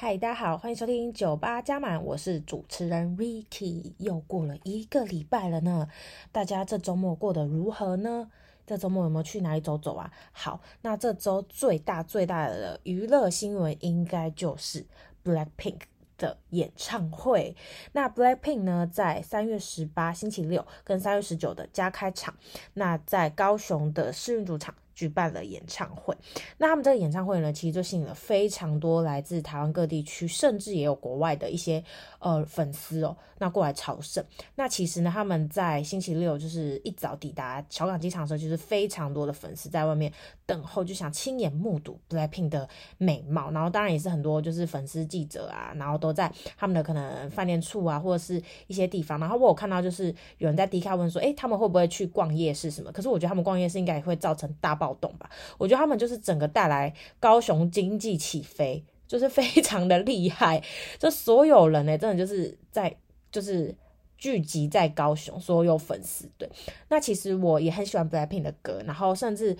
嗨，Hi, 大家好，歡迎收聽九八加滿，我是主持人 Ricky。又過了一個禮拜了呢，大家這周末過得如何呢？這周末有沒有去哪裡走走啊？好，那這周最大最大的娛樂新聞應該就是 Blackpink 的演唱會。那 Blackpink 呢，在三月十八星期六跟三月十九的加開場，那在高雄的世運主場，舉辦了演唱會，那他們這個演唱會呢，其實就吸引了非常多來自台灣各地區，甚至也有國外的一些呃粉絲哦、喔，那過來朝聖。那其實呢，他們在星期六就是一早抵達小港機場的時候，就是非常多的粉絲在外面等候，就想親眼目睹 BLACKPINK 的美貌。然後當然也是很多就是粉絲記者啊，然後都在他們的可能飯店處啊，或者是一些地方。然後我有看到就是有人在迪卡問說，誒、欸，他們會不會去逛夜市什麼？可是我覺得他們逛夜市應該也會造成大爆。我懂吧？ 我覺得他們就是整個帶來高雄經濟起飛，就是非常的厲害。就所有人呢、欸，真的就是在就是聚集在高雄，所有粉絲對。那其實我也很喜歡 BLACKPINK 的歌，然後甚至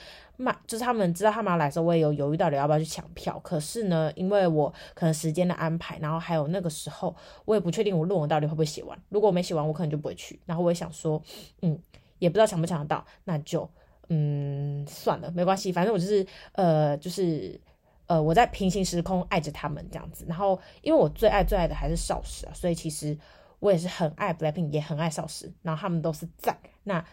就是他們知道他們要來的時候，我也有猶豫到底要不要去搶票。可是呢，因為我可能時間的安排，然後還有那個時候我也不確定我論文到底會不會寫完。如果我沒寫完，我可能就不會去。然後我也想說，嗯，也不知道搶不搶得到，那就。嗯，算了，沒關係，反正我就是，呃，就是，呃，我在平行時空愛着他們這樣子。然後，因為我最愛最愛的還是少時啊，所以其實我也是很愛 Blackpink，也很愛少時，然後他們都是在那。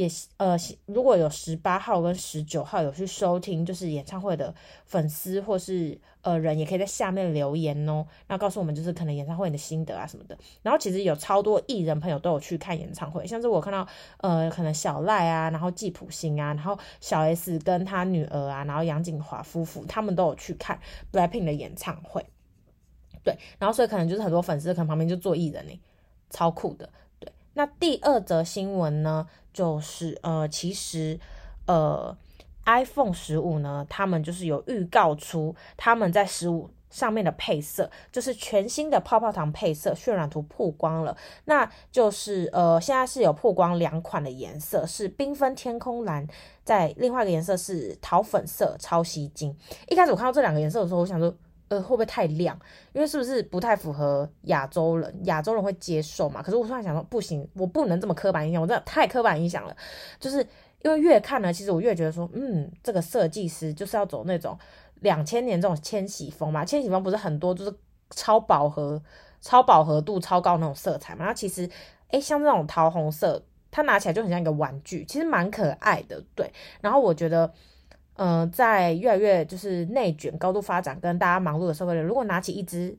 也呃，如果有十八號跟十九號有去收聽，就是演唱會的粉絲或是呃人，也可以在下面留言哦，那告訴我們就是可能演唱會的心得啊什麼的。然後其實有超多藝人朋友都有去看演唱會，像是我看到呃可能小賴啊，然後紀卜心啊，然後小 S 跟他女兒啊，然後楊謹華夫婦他們都有去看 BLACKPINK 的演唱會。對，然後所以可能就是很多粉絲可能旁邊就做藝人呢，超酷的。那第二則新聞呢，就是呃，其實呃，iPhone 十五呢，他們就是有預告出他們在十五上面的配色，就是全新的泡泡糖配色渲染圖曝光了。那就是呃，現在是有曝光兩款的顏色，是繽紛天空藍，再另外一個顏色是桃粉色，超吸睛。一開始我看到這兩個顏色的時候，我想說。呃，會不會太亮？因為是不是不太符合亞洲人？亞洲人會接受嘛？可是我突然想說，不行，我不能這麼刻板印象，我真的太刻板印象了。就是因為越看呢，其實我越覺得說，嗯，這個設計師就是要走那種兩千年這種千禧風嘛。千禧風不是很多，就是超飽和、超飽和度超高那種色彩嘛。然後其實，誒、欸，像這種桃紅色，它拿起來就很像一個玩具，其實蠻可愛的，對。然後我覺得。呃，在越來越就是內捲、高度發展跟大家忙碌的社會，如果拿起一支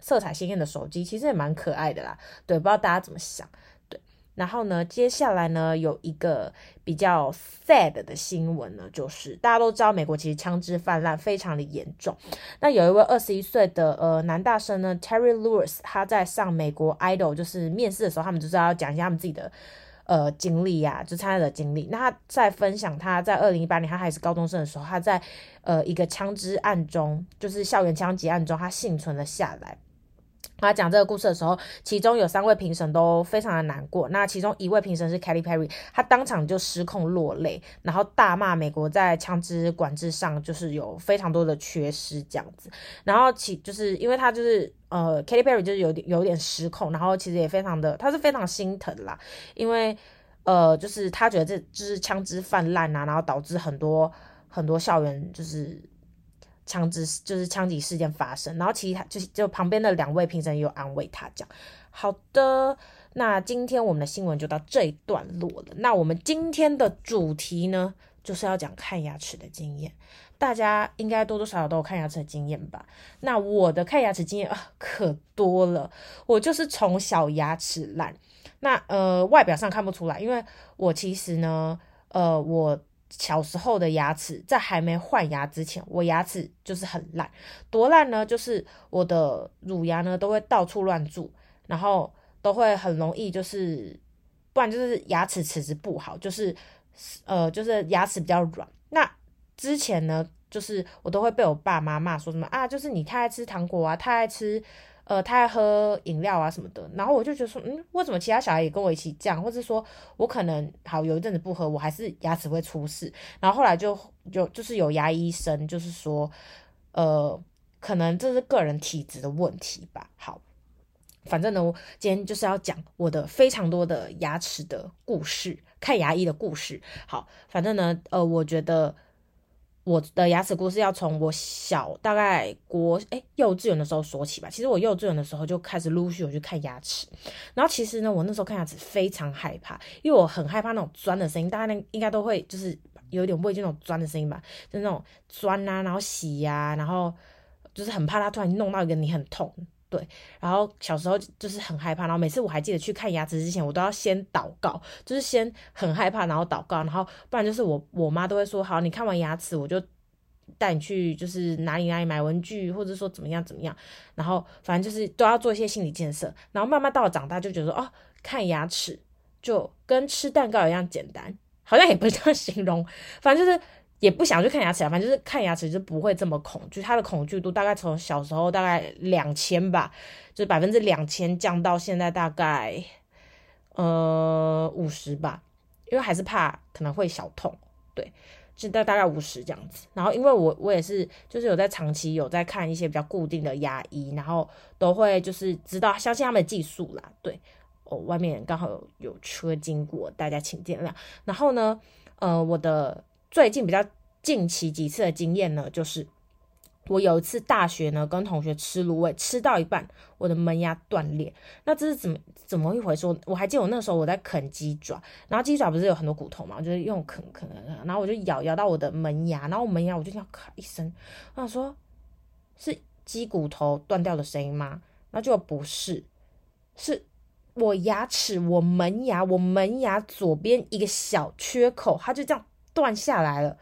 色彩鮮豔的手機，其實也蠻可愛的啦。對，不知道大家怎麼想？對，然後呢，接下來呢，有一個比較 sad 的新聞呢，就是大家都知道美國其實槍支氾濫非常的嚴重。那有一位二十一歲的呃男大生呢，Terry Lewis，他在上美國 Idol 就是面試的時候，他們就知道要講一下他們自己的。呃，經歷呀、啊，就參加的經歷。那他在分享他，他在二零一八年，他還是高中生的時候，他在呃一個槍支案中，就是校園槍擊案中，他幸存了下來。他講、啊、這個故事的時候，其中有三位評審都非常的難過。那其中一位評審是 Katy Perry，他當場就失控落淚，然後大罵美國在槍支管制上就是有非常多的缺失這樣子。然後其就是因為他就是呃 Katy Perry 就是有點有點失控，然後其實也非常的他是非常心疼啦，因為呃就是他覺得這就是槍支泛濫啊，然後導致很多很多校園就是。槍支就是槍擊事件發生，然後其他就是就旁邊的兩位評審也有安慰他講：“好的，那今天我們的新聞就到這一段落了。那我們今天的主題呢，就是要講看牙齒的經驗。大家應該多多少少都有看牙齒的經驗吧？那我的看牙齒經驗啊，可多了。我就是從小牙齒爛，那呃外表上看不出來，因為我其實呢，呃我。”小時候的牙齒，在還沒換牙之前，我牙齒就是很爛，多爛呢？就是我的乳牙呢都會到處亂蛀，然後都會很容易就是，不然就是牙齒齒質不好，就是呃就是牙齒比較軟。那之前呢，就是我都會被我爸媽罵說什麼啊，就是你太愛吃糖果啊，太愛吃。呃，他愛喝飲料啊什麼的，然後我就覺得說，嗯，為什麼其他小孩也跟我一起這樣，或者說我可能好有一陣子不喝，我還是牙齒會出事。然後後來就就就是有牙醫生，就是說，呃，可能這是個人體質的問題吧。好，反正呢，我今天就是要講我的非常多的牙齒的故事，看牙醫的故事。好，反正呢，呃，我覺得。我的牙齒故事要從我小大概國誒、欸、幼稚園的時候說起吧。其實我幼稚園的時候就開始陸續有去看牙齒，然後其實呢，我那時候看牙齒非常害怕，因為我很害怕那種鑽的聲音。大家呢應該都會就是有點畏懼那種鑽的聲音吧，就是、那種鑽啊，然後洗呀，啊，然後就是很怕它突然弄到一個你很痛。對，然後小時候就是很害怕，然後每次我還記得去看牙齒之前，我都要先禱告，就是先很害怕，然後禱告，然後不然就是我我媽都會說，好，你看完牙齒我就帶你去就是哪裡哪裡買文具，或者說怎麼樣怎麼樣，然後反正就是都要做一些心理建設，然後慢慢到了長大就覺得說，哦，看牙齒就跟吃蛋糕一樣簡單，好像也不是這樣形容，反正就是。也不想去看牙齒，反正就是看牙齒就不會這麼恐懼。它的恐懼度大概從小時候大概兩千吧，就是百分之兩千降到現在大概呃五十吧，因為還是怕可能會小痛，對，就大大概五十這樣子。然後因為我我也是就是有在長期有在看一些比較固定的牙醫，然後都會就是知道相信他們的技術啦。對，我、哦、外面剛好有有車經過，大家請見諒。然後呢，呃，我的。最近比較近期幾次的經驗呢，就是我有一次大學呢跟同學吃滷味，吃到一半，我的門牙斷裂。那這是怎麼怎麼一回事？我還記得我那時候我在啃雞爪，然後雞爪不是有很多骨頭嘛，我就用啃啃啃，然後我就咬咬到我的門牙，然後我門牙我就這樣咔一聲，然後我想說是雞骨頭斷掉的聲音嗎？那就不是，是我牙齒，我門牙，我門牙左邊一個小缺口，它就這樣。斷下來了，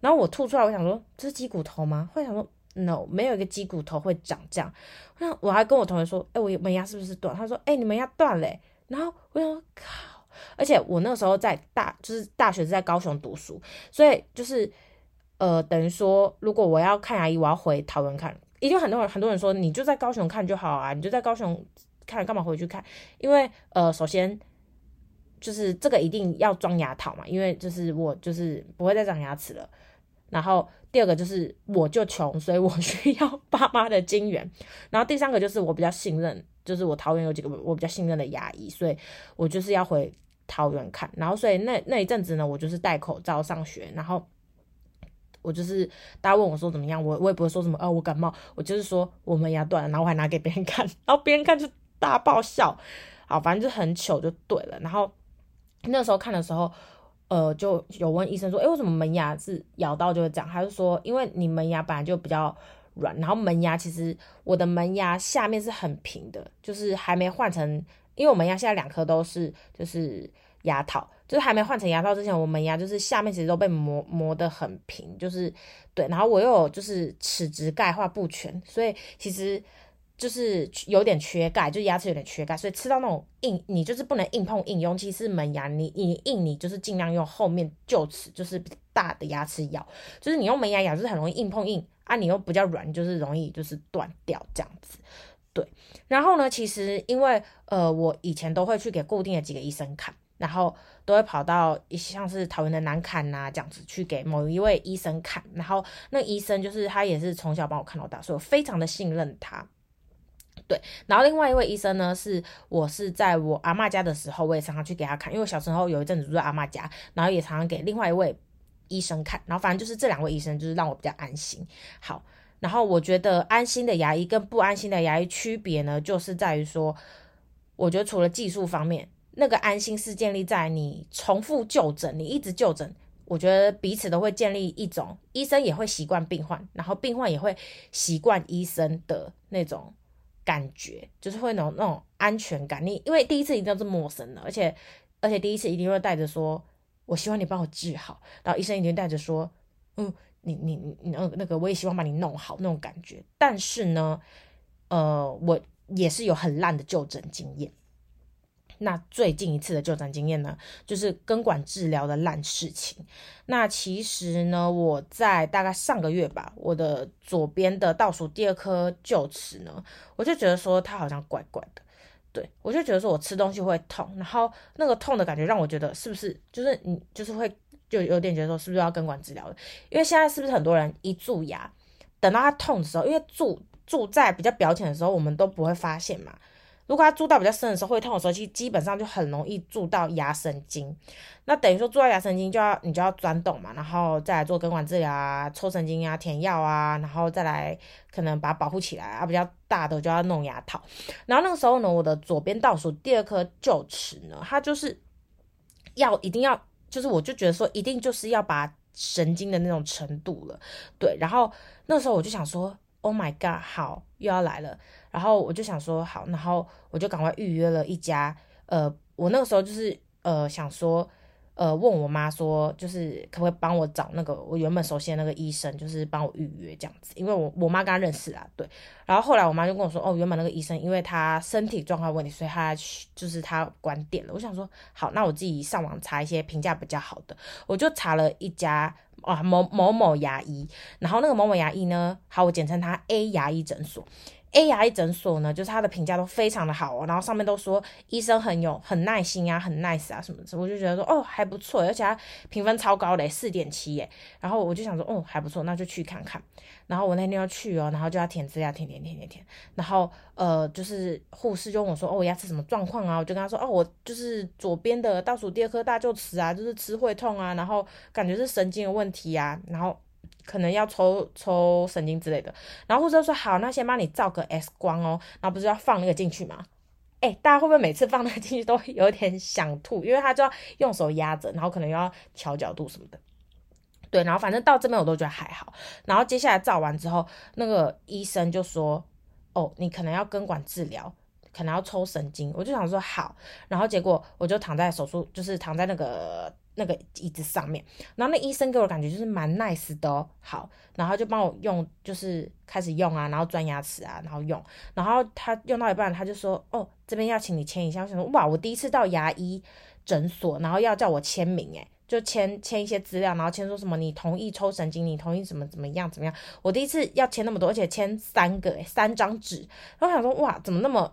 然後我吐出來，我想說這是雞骨頭嗎？會想說 no，沒有一個雞骨頭會長這樣。那我還跟我同學說：“哎，我我門牙是不是斷？”他說：“哎，你門牙斷嘞。”然後我想靠，而且我那時候在大就是大學是在高雄讀書，所以就是呃，等於說如果我要看牙醫，我要回桃園看。也就很多人很多人說你就在高雄看就好啊，你就在高雄看，幹嘛回去看？因為呃，首先。就是這個一定要裝牙套嘛，因為就是我就是不會再長牙齒了。然後第二個就是我就窮，所以我需要爸媽的金援。然後第三個就是我比較信任，就是我桃園有幾個我比較信任的牙醫，所以我就是要回桃園看。然後所以那那一陣子呢，我就是戴口罩上學，然後我就是大家問我說怎麼樣，我我也不會說什麼，呃、哦，我感冒，我就是說我門牙斷了，然後我還拿給別人看，然後別人看就大爆笑，好，反正就很糗就對了。然後。那時候看的時候，呃，就有問醫生說，哎、欸，為什麼門牙是咬到就會這樣？他就說，因為你門牙本來就比較軟，然後門牙其實我的門牙下面是很平的，就是還沒換成，因為我門牙現在兩顆都是就是牙套，就是還沒換成牙套之前，我門牙就是下面其實都被磨磨得很平，就是對，然後我又有就是齒質鈣化不全，所以其實。就是有點缺鈣，就牙齒有點缺鈣，所以吃到那種硬，你就是不能硬碰硬，尤其是門牙，你你硬，你就是儘量用後面臼齒，就是大的牙齒咬，就是你用門牙咬，就是很容易硬碰硬啊，你又比較軟，就是容易就是斷掉這樣子，對。然後呢，其實因為呃，我以前都會去給固定的幾個醫生看，然後都會跑到像是桃園的南崁吶這樣子去給某一位醫生看，然後那醫生就是他也是從小幫我看到大，所以我非常的信任他。對，然後另外一位醫生呢，是我是在我阿嬤家的時候，我也常常去給他看，因為小時候有一陣子住在阿嬤家，然後也常常給另外一位醫生看，然後反正就是這兩位醫生就是讓我比較安心。好，然後我覺得安心的牙醫跟不安心的牙醫區別呢，就是在於說，我覺得除了技術方面，那個安心是建立在你重複就診，你一直就診，我覺得彼此都會建立一種醫生也會習慣病患，然後病患也會習慣醫生的那種。感覺就是會有那種安全感，你因為第一次一定是陌生的，而且而且第一次一定會帶着說，我希望你幫我治好，然後醫生一定帶着說，嗯，你你你那個那個，我也希望把你弄好那種感覺。但是呢，呃，我也是有很爛的就診經驗。那最近一次的就診經驗呢，就是根管治療的爛事情。那其實呢，我在大概上個月吧，我的左邊的倒數第二顆臼齒呢，我就覺得說它好像怪怪的，對我就覺得說我吃東西會痛，然後那個痛的感覺讓我覺得是不是就是你就是會就有點覺得說是不是要根管治療。因為現在是不是很多人一蛀牙，等到它痛的時候，因為蛀，蛀在比較表淺的時候，我們都不會發現嘛。如果他蛀到比較深的時候，會痛的時候其實，基本上就很容易蛀到牙神經。那等於說蛀到牙神經，就要你就要鑽洞嘛，然後再來做根管治療啊、抽神經啊、填藥啊，然後再來可能把它保護起來啊。比較大的就要弄牙套。然後那個時候呢，我的左邊倒數第二顆臼齒呢，它就是要一定要，就是我就覺得說，一定就是要把神經的那種程度了。對，然後那個時候我就想說，Oh my God，好，又要來了。然後我就想說好，然後我就趕快預約了一家，呃，我那個時候就是呃想說，呃，問我媽說，就是可不可以幫我找那個我原本熟悉的那個醫生，就是幫我預約這樣子，因為我我媽跟她認識啊，對。然後後來我媽就跟我說，哦，原本那個醫生因為他身體狀況問題，所以他就是他關店了。我想說好，那我自己上網查一些評價比較好的，我就查了一家啊某某某牙醫，然後那個某某牙醫呢，好，我簡稱他 A 牙醫診所。A 牙醫診所呢，就是他的評價都非常的好哦，然後上面都說醫生很有很耐心啊，很 nice 啊什麼的，我就覺得說哦還不錯，而且他評分超高嘞，四點七耶，然後我就想說哦還不錯，那就去看看，然後我那天要去哦，然後就要填資料填填，填填填填填，填填填。然後呃就是護士就問我說哦牙齒什麼狀況啊，我就跟他說哦我就是左邊的倒數第二顆大臼齒啊，就是吃會痛啊，然後感覺是神經的問題啊，然後。可能要抽抽神經之類的，然後護士就說好，那先幫你照個 X 光哦，然後不是要放那個進去嗎？哎，大家會不會每次放那個進去都有點想吐？因為他就要用手壓着，然後可能又要調角度什麼的，對，然後反正到這邊我都覺得還好。然後接下來照完之後，那個醫生就說，哦，你可能要根管治療。可能要抽神經，我就想說好，然後結果我就躺在手術，就是躺在那個那個椅子上面，然後那醫生給我感覺就是蠻 nice 的哦，好，然後就幫我用，就是開始用啊，然後鑽牙齒啊，然後用，然後他用到一半，他就說哦，這邊要請你簽一下，我想說哇，我第一次到牙醫診所，然後要叫我簽名，誒，就簽簽一些資料，然後簽說什麼你同意抽神經，你同意怎麼怎麼樣怎麼樣，我第一次要簽那麼多，而且簽三個，三張紙，然後想說哇，怎麼那麼。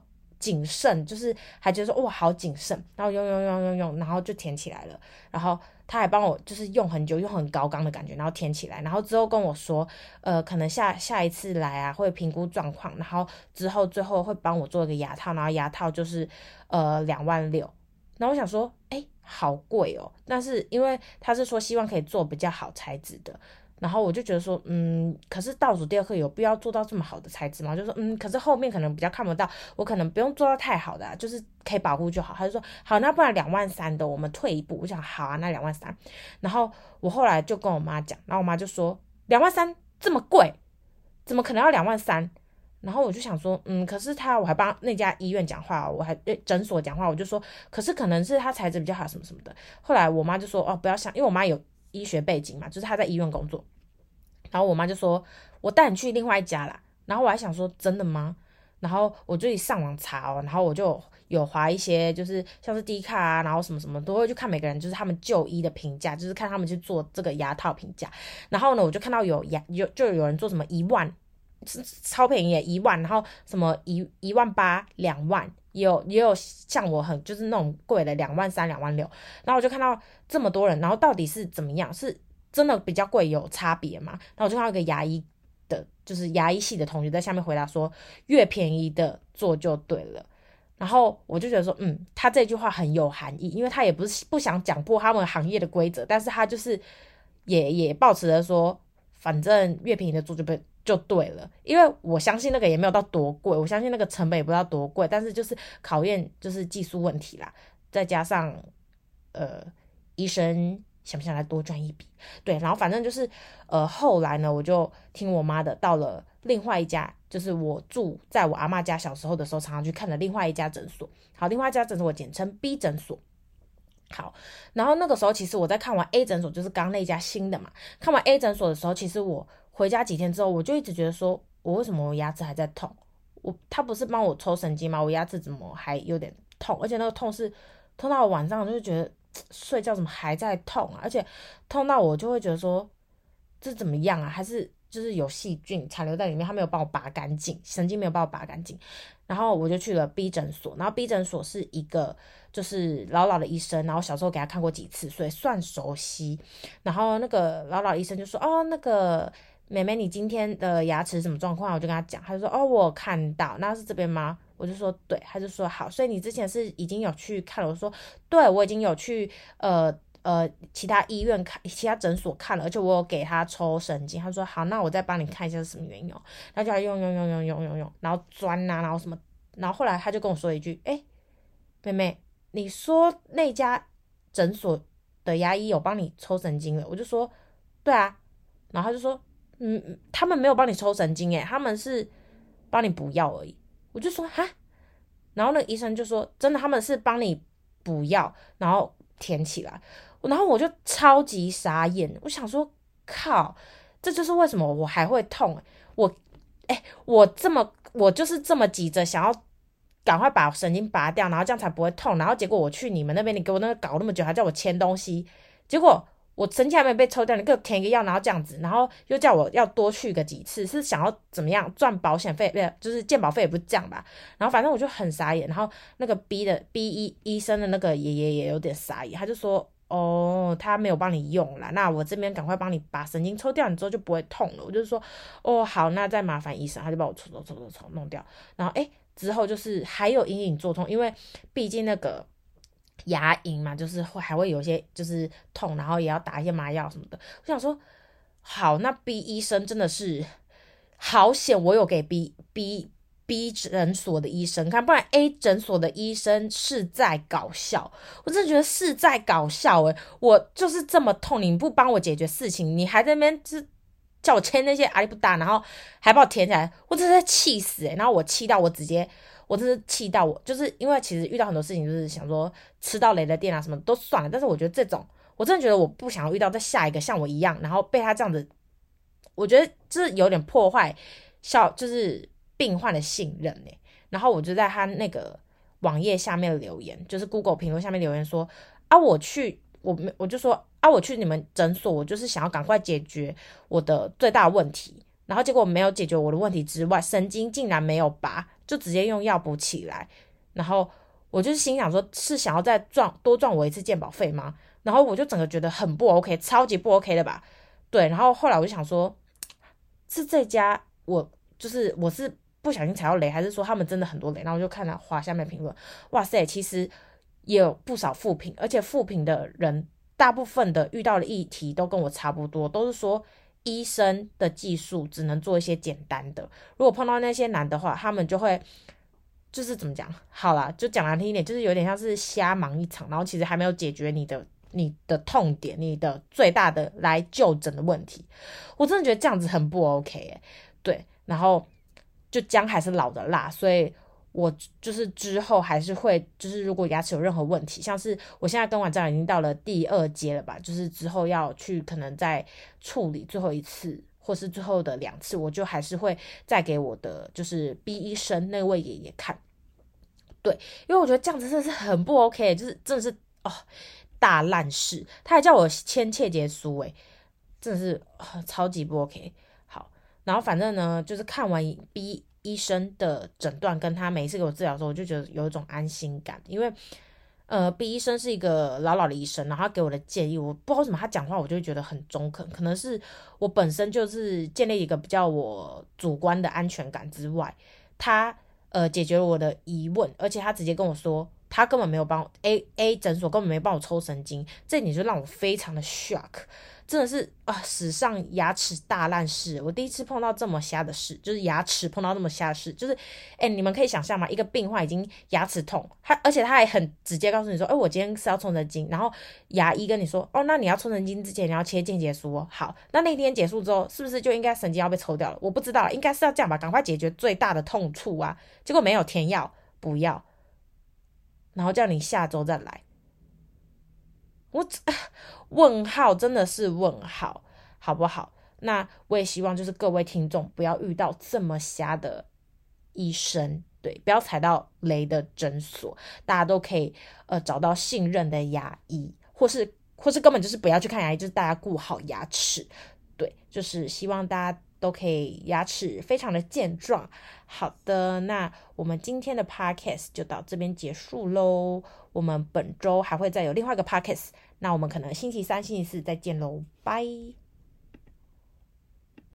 謹慎就是還覺得說哇、哦、好謹慎，然後用用用用用，然後就填起來了，然後他還幫我就是用很久，用很高剛的感覺，然後填起來，然後之後跟我說，呃，可能下下一次來啊會評估狀況，然後之後最後會幫我做一個牙套，然後牙套就是呃兩萬六，000，然後我想說哎好貴哦，但是因為他是說希望可以做比較好材質的。然後我就覺得說，嗯，可是倒數第二顆有必要做到這麼好的材質嗎？就說，嗯，可是後面可能比較看不到，我可能不用做到太好的，啊，就是可以保護就好。他就說，好，那不然兩萬三的，我們退一步。我想，好啊，那兩萬三。然後我後來就跟我媽講，然後我媽就說，兩萬三這麼貴，怎麼可能要兩萬三？然後我就想說，嗯，可是他我還幫那家醫院講話，我還診所講話，我就說，可是可能是他材質比較好，什麼什麼的。後來我媽就說，哦，不要想，因為我媽有。醫學背景嘛，就是他在醫院工作，然後我媽就說：“我帶你去另外一家啦。”然後我還想說：“真的嗎？”然後我就一上網查、哦，然後我就有劃一些，就是像是低卡啊，然後什麼什麼都會去看每個人，就是他們就醫的評價，就是看他們去做這個牙套評價。然後呢，我就看到有牙有就有人做什麼一萬，超便宜也一萬，然後什麼一一萬八兩萬。也有也有像我很就是那種貴的兩萬三兩萬六，然後我就看到這麼多人，然後到底是怎麼樣？是真的比較貴有差別嘛。然後我就看到一個牙醫的，就是牙醫系的同學在下面回答說，越便宜的做就對了。然後我就覺得說，嗯，他這句話很有含義，因為他也不是不想講破他們行業的規則，但是他就是也也保持着說，反正越便宜的做就對。就對了，因為我相信那個也沒有到多貴，我相信那個成本也不知道多貴，但是就是考驗就是技術問題啦，再加上呃醫生想不想來多賺一筆？對，然後反正就是呃後來呢，我就聽我媽的，到了另外一家，就是我住在我阿嬤家小時候的時候，常常去看的另外一家診所。好，另外一家診所我簡稱 B 診所。好，然後那個時候其實我在看完 A 診所，就是剛那家新的嘛，看完 A 診所的時候，其實我。回家幾天之後，我就一直覺得說，我為什麼我牙齒還在痛？我他不是幫我抽神經嗎？我牙齒怎麼還有點痛？而且那個痛是痛到我晚上，就是覺得睡覺怎麼還在痛啊？而且痛到我就會覺得說，這怎麼樣啊？還是就是有細菌殘留在裡面，他沒有幫我拔乾淨，神經沒有幫我拔乾淨。然後我就去了 B 診所，然後 B 診所是一個就是老老的醫生，然後小時候給他看過幾次，所以算熟悉。然後那個老老醫生就說，哦，那個。妹妹，你今天的牙齒什麼狀況？我就跟他講，他說：“哦，我有看到，那是這邊嗎？”我就說：“對。”他就說：“好，所以你之前是已經有去看了？”我說：“對，我已經有去呃呃其他醫院看，其他診所看了，而且我有給他抽神經。”他說：“好，那我再幫你看一下是什麼原因哦。”他就用用用用用用用，然後鑽啊，然後什麼，然後後來他就跟我說一句：“欸，妹妹，你說那家診所的牙醫有幫你抽神經了？”我就說：“對啊。”然後他就說，嗯，他們沒有幫你抽神經誒，他們是幫你補牙而已。我就說哈，然後那個醫生就說，真的他們是幫你補牙，然後填起來，然後我就超級傻眼，我想說靠，這就是為什麼我還會痛。我哎、欸、我這麼我就是這麼急着想要趕快把神經拔掉，然後這樣才不會痛，然後結果我去你們那邊，你給我那個搞那麼久，還叫我簽東西，結果。我神經還沒有被抽掉，你給我填一個藥，然後這樣子，然後又叫我要多去個幾次，是想要怎麼樣賺保險費？對，就是健保費也不降吧。然後反正我就很傻眼，然後那個 B 的 B 醫醫生的那個爺爺也有點傻眼，他就說哦，他沒有幫你用了，那我這邊趕快幫你把神經抽掉，你之後就不會痛了。我就說哦好，那再麻煩醫生，他就幫我抽抽抽抽抽弄掉。然後哎、欸，之後就是還有隱隱作痛，因為畢竟那個。牙齦嘛，就是會還會有些就是痛，然後也要打一些麻藥什麼的。我想說，好，那 B 醫生真的是好險，我有給 B B B 診所的醫生看，不然 A 診所的醫生是在搞笑，我真的覺得是在搞笑誒，我就是這麼痛，你不幫我解決事情，你還在那邊是叫我簽那些阿里不達，然後還把我填起來，我真是氣死誒。然後我氣到我直接。我真是氣到我，就是因為其實遇到很多事情，就是想說吃到雷的店啊，什麼都算了。但是我覺得這種，我真的覺得我不想要遇到再下一個像我一樣，然後被他這樣子，我覺得這有點破壞效，就是病患的信任哎。然後我就在他那個網頁下面留言，就是 Google 評論下面留言說啊我，我去我沒我就說啊，我去你們診所，我就是想要趕快解決我的最大的問題。然後結果沒有解決我的問題之外，神經竟然沒有拔，就直接用藥補起來，然後我就是心想說，是想要再賺多賺我一次健保費嗎？然後我就整個覺得很不 OK，超級不 OK 的吧？對，然後後來我就想說，是這家我就是我是不小心踩到雷，還是說他們真的很多雷？然後我就看到，哇，下面評論，哇塞，其實也有不少負評，而且負評的人大部分的遇到的議題都跟我差不多，都是說。醫生的技術只能做一些簡單的，如果碰到那些難的話，他們就會就是怎麼講？好啦，就講難聽一點，就是有點像是瞎忙一場，然後其實還沒有解決你的你的痛點，你的最大的來就診的問題。我真的覺得這樣子很不 OK，欸，對，然後就薑還是老的辣，所以。我就是之後還是會，就是如果牙齒有任何問題，像是我現在跟我這已經到了第二階了吧，就是之後要去可能再處理最後一次，或是最後的兩次，我就還是會再給我的就是 B 醫生那位爺爺看。對，因為我覺得這樣子真的是很不 OK，就是真的是哦大爛事，他還叫我簽切結書誒，真的是、哦、超級不 OK。好，然後反正呢，就是看完 B 醫生的診斷跟他每一次給我治療的時候，我就覺得有一種安心感，因為呃，B 醫生是一個老老的醫生，然後他給我的建議，我不知道為什麼他講話，我就覺得很中肯，可能是我本身就是建立一個比較我主觀的安全感之外，他呃解決了我的疑問，而且他直接跟我說。他根本沒有幫我，A A 診所根本沒有幫我抽神經，這你就讓我非常的 shock，真的是啊、呃、史上牙齒大爛事，我第一次碰到，這麼瞎的事，就是牙齒碰到這麼瞎的事，就是哎你們可以想象嗎？一個病患已經牙齒痛，他而且他還很直接告訴你說，哎我今天是要抽神經，然後牙醫跟你說，哦那你要抽神經之前，你要切間結術、哦、好，那那天結束之後，是不是就應該神經要被抽掉了？我不知道了，應該是要這樣吧，趕快解決最大的痛處啊，結果沒有填藥不要。然後叫你下周再來，我問號，真的是問號，好不好？那我也希望就是各位聽眾不要遇到這麼瞎的醫生，對，不要踩到雷的診所，大家都可以呃找到信任的牙醫，或是或是根本就是不要去看牙醫，就是大家顧好牙齒，對，就是希望大家。都可以，牙齒非常的健壯。好的，那我們今天的 podcast 就到這邊結束嘍。我們本周還會再有另外一個 podcast，那我們可能星期三、星期四再見嘍，拜。